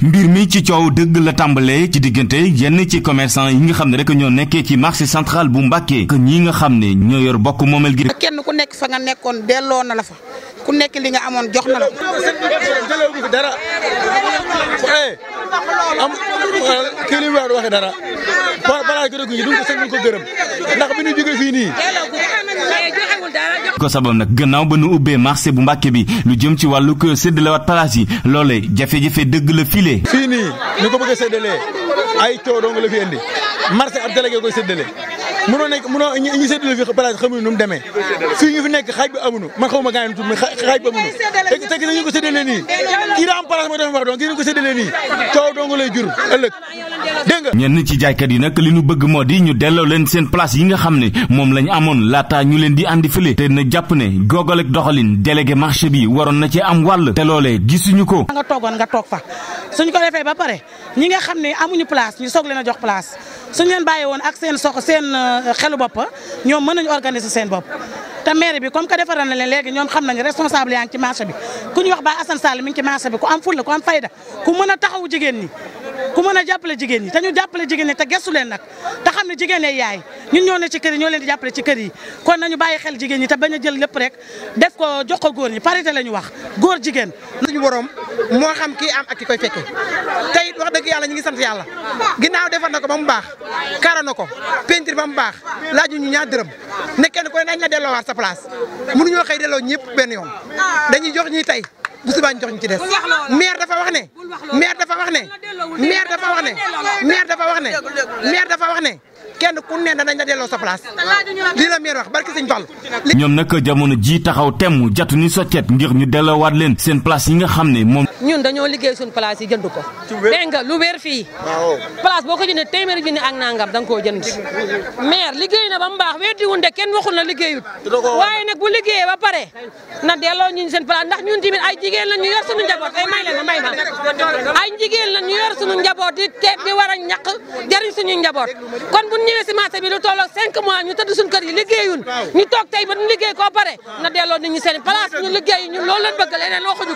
mbir mi ci coow dëgg la tàmbalee ci diggante yenn ci commerçant yi nga xam ne rek ñoo nekkee ci marché central bu Mbàkke ñi nga xam ne ñoo yor bokk moomeel gi kenn ku nekk fa nga nekkoon delloo na la fa ku nekk li nga amoon jox na la dara eh, am eh, kii li mu dara balaa gërëm gi duñ ko sëñ ko gërëm ndax bi ñu jógee fii nii ko sabab nag gannaaw ba nu ubbee marché bu Mbàkke bi lu jëm ci wàllu ko séddalewaat palaas yi loolee jafe-jafe dëgg la file. fii nii ñu ko bëgg a ay coow dong la fi indi marché ab délégué koy séddale mënoo nekk mënoo ñi séddale fi place xamuñu nu mu demee fii ñu fi nekk xaaj bi amuñu man xaw ma gaañu tudd mais xaaj bi amuñu te te dañu ko séddale nii kii daa am place moo def ko séddale nii coow dong lay jur ëllëg dégg nga ñenn ci jaaykat yi nag li ñu bëgg moo di ñu delloo leen place yi nga xam ne moom lañ amoon laata ñu leen di andi fële te na jàpp ne googal ak doxalin délégué marché bi waroon na ci am wàll te loolee gisuñu ko nga toogoon nga toog fa suñ ko defee ba pare ñi nga xam ne amuñu place ñu soog leen a jox place suñ leen bàyyi woon ak seen sox seen euh, xelu bopp ñoom mën nañu organise seen bopp te maire bi comme que defaral na leen léegi ñoom xam nañu responsable yaa ngi ci bi ku ñu wax ba Assane Sall mi ngi ci marché bi ku am fulla ku am fayda ku mën a taxawu jigéen ñi ku mën a jàppale jigéen ñi ta ñu jàppale jigéen ñi te gestu leen nag te xam ne jigéen yaay ñun ñoo ci kër yi ñoo leen di jàppale ci kër yi kon nañu bàyyi xel jigéen ñi te bañ a jël lépp rek des ko jox ko góor ñi parité la ñu wax góor jigéen suñu woroom moo xam kii am ak ki koy fekkee te it wax dëgg yàlla ñu ngi sant yàlla ginnaaw defar na ko ba mu baax kara na ko peinture ba mu baax laaju ñu ñaa dërëm ne kenn ku ne dañ la delloowaat sa place mënuñoo xëy delloo ñëpp benn yoon dañuy jox ñi tey bu subaa ñu jox ñu ci des maire dafa wax ne maire dafa wax ne maire dafa ne maire wax ne maire dafa wax ne kenn ku ne danañ la sa place lii la meer wax barki sëñ Fall ñoom nag jamono ji taxaw temm jatu ni soccet ngir ñu delloowaat leen seen place yi nga xam ne moom ñun dañoo liggéey suñ place yi jënd ko dégg nga lu wér fii place boo ko jëndee téeméeri junni ak nangam da nga koo jënd meer liggéey na ba mu baax weddi wun de kenn waxul na liggéeyut waaye nag bu liggéeyee ba pare na delloo ñun seen place ndax ñun tamit ay jigéen la ñu yor suñu njaboot ay may la may na ay jigéen la ñu yor suñu njaboot di te ñëwee si marché bi lu tolloog 5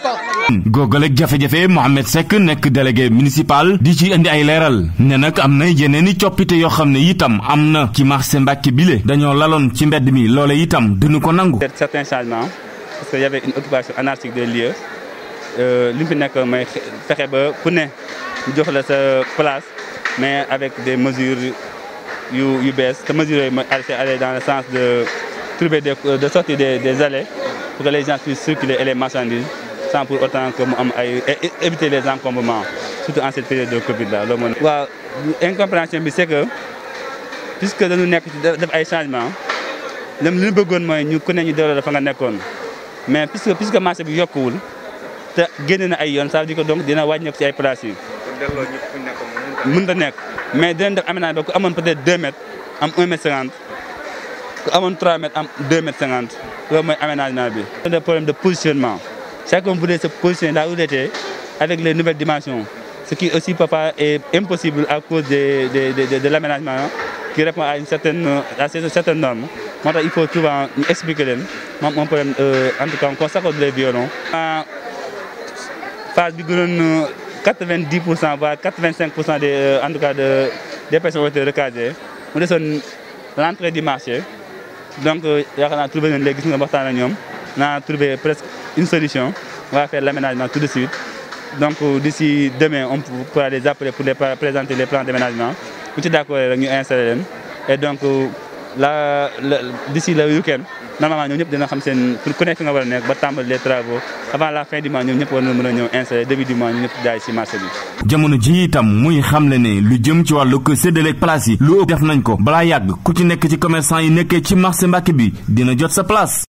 mois ñu jafe-jafe Mohamed Seck nekk délégué municipal di ci indi ay leeral ne nag am na yeneen coppite yoo xam ne itam am na ci marché Mbàkke bile dañoo laloon ci mbedd mi loole itam duñu ko nangu certains changements parce que y une occupation anarchique des lieux euh, li mu fi nekk mooy fexe ba ku ne jox la sa place mais avec des mesures yu yu bees te mesures yooyu mooy aller dans le sens de trouver des de sortir des des allées pour que les gens puissent circuler et les marchandises pour autant que mu am ay éviter les encombrements surtout en période de Covid là loolu moo. waaw incompréhension bi c'est que puisque dañu nekk def ay changements même li ñu bëggoon mooy ñu ku ne ñu delloo dafa nga nekkoon mais puisque marché bi yokkuwul te génne na ay yoon ça veut dire que donc dina wàññeeku ay places yi. delloo ñëpp mais dinañ def aménage ba ku amoon peut-être 2 mètres am 1 mètre 50 ku amoon 3 mètres am 2 mètres 50 loolu mooy aménagement bi. c'est des problèmes de positionnement chacun voulait se positionner là où il avec les nouvelles dimensions ce qui aussi papa est impossible à cause des des de, de, de l'aménagement qui répond à une certaine norme moo tax il faut souvent ñu expliquer leen moom moom problème euh, en tout cas on consacre les violons. Euh, phase bi gënoon. 90 pour cent voire pour cent des euh, en tout cas de des personnes ont été recasées du marché donc euh, yaakaar naa trouvé nga waxtaan ak ñoom naa trouvé presque une solution on va faire l'aménagement tout de suite donc euh, d'ici demain on pourra les appeler pour les présenter les plans d'aménagement ku ci d'accord rek ñu installer leen et donc la d'ici le week-end normalement ñoom ñëpp dina xam seen ku nekk fi nga war a nekk ba tàmbali les travaux avant la fin du mois ñoom ñëpp war na mën a ñëw installé début du mois ñu ñëpp jaay si marché bi. jamono ji itam muy xamle ne lu jëm ci wàllu ko séddaleeg place yi lu ëpp def nañ ko balaa yàgg ku ci nekk ci commerçant yi nekkee ci marché Mbàkke bi dina jot sa place.